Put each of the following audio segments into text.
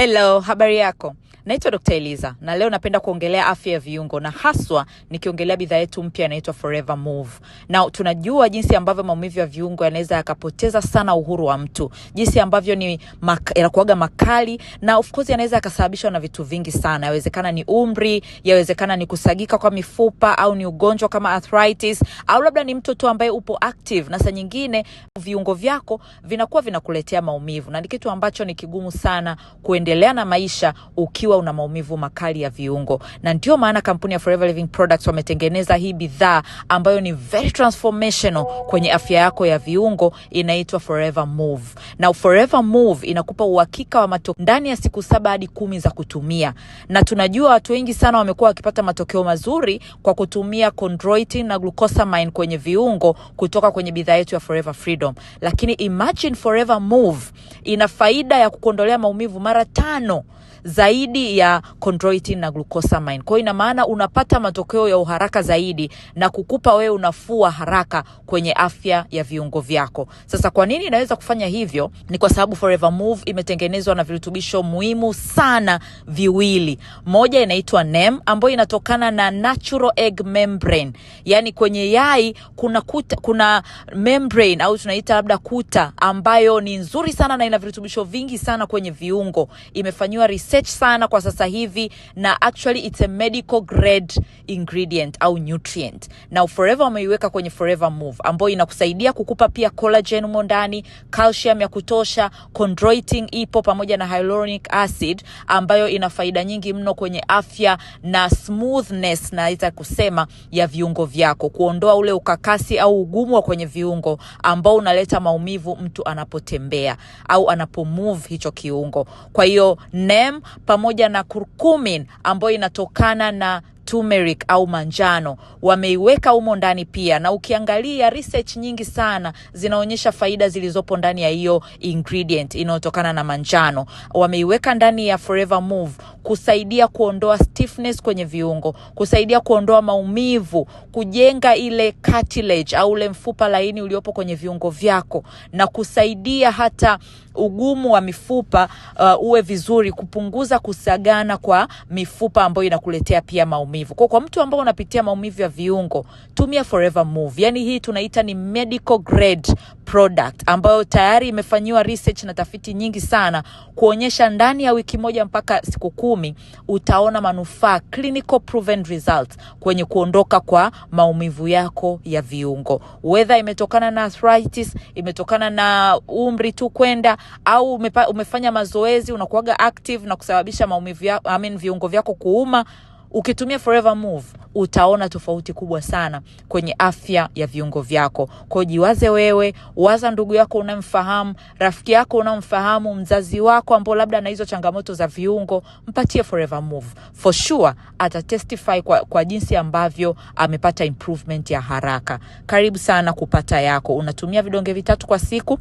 Hello, habari yako? Naitwa Dr. Eliza na leo napenda kuongelea afya ya viungo na haswa nikiongelea bidhaa yetu mpya inaitwa Forever Move. Na tunajua jinsi ambavyo maumivu ya viungo yanaweza yakapoteza sana uhuru wa mtu, jinsi ambavyo ni mak yanakuaga makali na of course yanaweza yakasababishwa na vitu vingi sana. Yawezekana ni umri, yawezekana ni kusagika kwa mifupa au ni ugonjwa kama arthritis au labda ni mtoto ambaye upo active na saa nyingine viungo vyako vinakuwa vinakuletea maumivu na ni kitu ambacho ni kigumu sana kuendelea na maisha ukiwa una maumivu makali ya viungo, na ndio maana kampuni ya Forever Living Products wametengeneza hii bidhaa ambayo ni very transformational kwenye afya yako ya viungo, inaitwa Forever Move. Na Forever Move inakupa uhakika wa matokeo ndani ya siku saba hadi kumi za kutumia, na tunajua watu wengi sana wamekuwa wakipata matokeo mazuri kwa kutumia chondroitin na glucosamine kwenye viungo kutoka kwenye bidhaa yetu ya Forever Freedom, lakini imagine Forever Move ina faida ya kukondolea maumivu mara tano zaidi ya chondroitin na glucosamine. Kwa hiyo ina maana unapata matokeo ya uharaka zaidi na kukupa wewe unafua haraka kwenye afya ya viungo vyako. Sasa kwa nini inaweza kufanya hivyo? Ni kwa sababu Forever Move imetengenezwa na virutubisho muhimu sana viwili. Moja inaitwa NEM ambayo inatokana na natural egg membrane, yaani kwenye yai kuna kuta, kuna membrane au tunaita labda kuta ambayo ni nzuri sana na ina virutubisho vingi sana kwenye viungo. Imefanyiwa research research sana kwa sasa hivi na actually it's a medical grade ingredient au nutrient na forever wameiweka kwenye forever move ambayo inakusaidia kukupa pia collagen humo ndani calcium ya kutosha chondroitin ipo pamoja na hyaluronic acid ambayo ina faida nyingi mno kwenye afya na smoothness naweza kusema ya viungo vyako kuondoa ule ukakasi au ugumu wa kwenye viungo ambao unaleta maumivu mtu anapotembea au anapomove hicho kiungo kwa hiyo nem pamoja na kurkumin ambayo inatokana na turmeric au manjano wameiweka humo ndani pia, na ukiangalia research nyingi sana zinaonyesha faida zilizopo ndani ya hiyo ingredient inayotokana na manjano. Wameiweka ndani ya Forever Move kusaidia kuondoa stiffness kwenye viungo, kusaidia kuondoa maumivu, kujenga ile cartilage au ule mfupa laini uliopo kwenye viungo vyako na kusaidia hata ugumu wa mifupa uh, uwe vizuri, kupunguza kusagana kwa mifupa ambayo inakuletea pia maumivu maumivu. Kwa kwa mtu ambao unapitia maumivu ya viungo, tumia Forever Move. Yaani hii tunaita ni medical grade product ambayo tayari imefanyiwa research na tafiti nyingi sana kuonyesha ndani ya wiki moja mpaka siku kumi utaona manufaa clinical proven results kwenye kuondoka kwa maumivu yako ya viungo. Whether imetokana na arthritis, imetokana na umri tu kwenda au umepa, umefanya mazoezi unakuwaga active na kusababisha maumivu ya, I mean, viungo vyako kuuma. Ukitumia Forever Move utaona tofauti kubwa sana kwenye afya ya viungo vyako. Kwa jiwaze wewe, waza ndugu yako unamfahamu, rafiki yako unamfahamu, mzazi wako ambao labda ana hizo changamoto za viungo, mpatie Forever Move. For sure ata testify kwa, kwa jinsi ambavyo amepata improvement ya haraka. Karibu sana kupata yako. Unatumia vidonge vitatu kwa siku,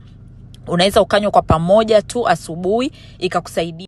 unaweza ukanywa kwa pamoja tu asubuhi ikakusaidia.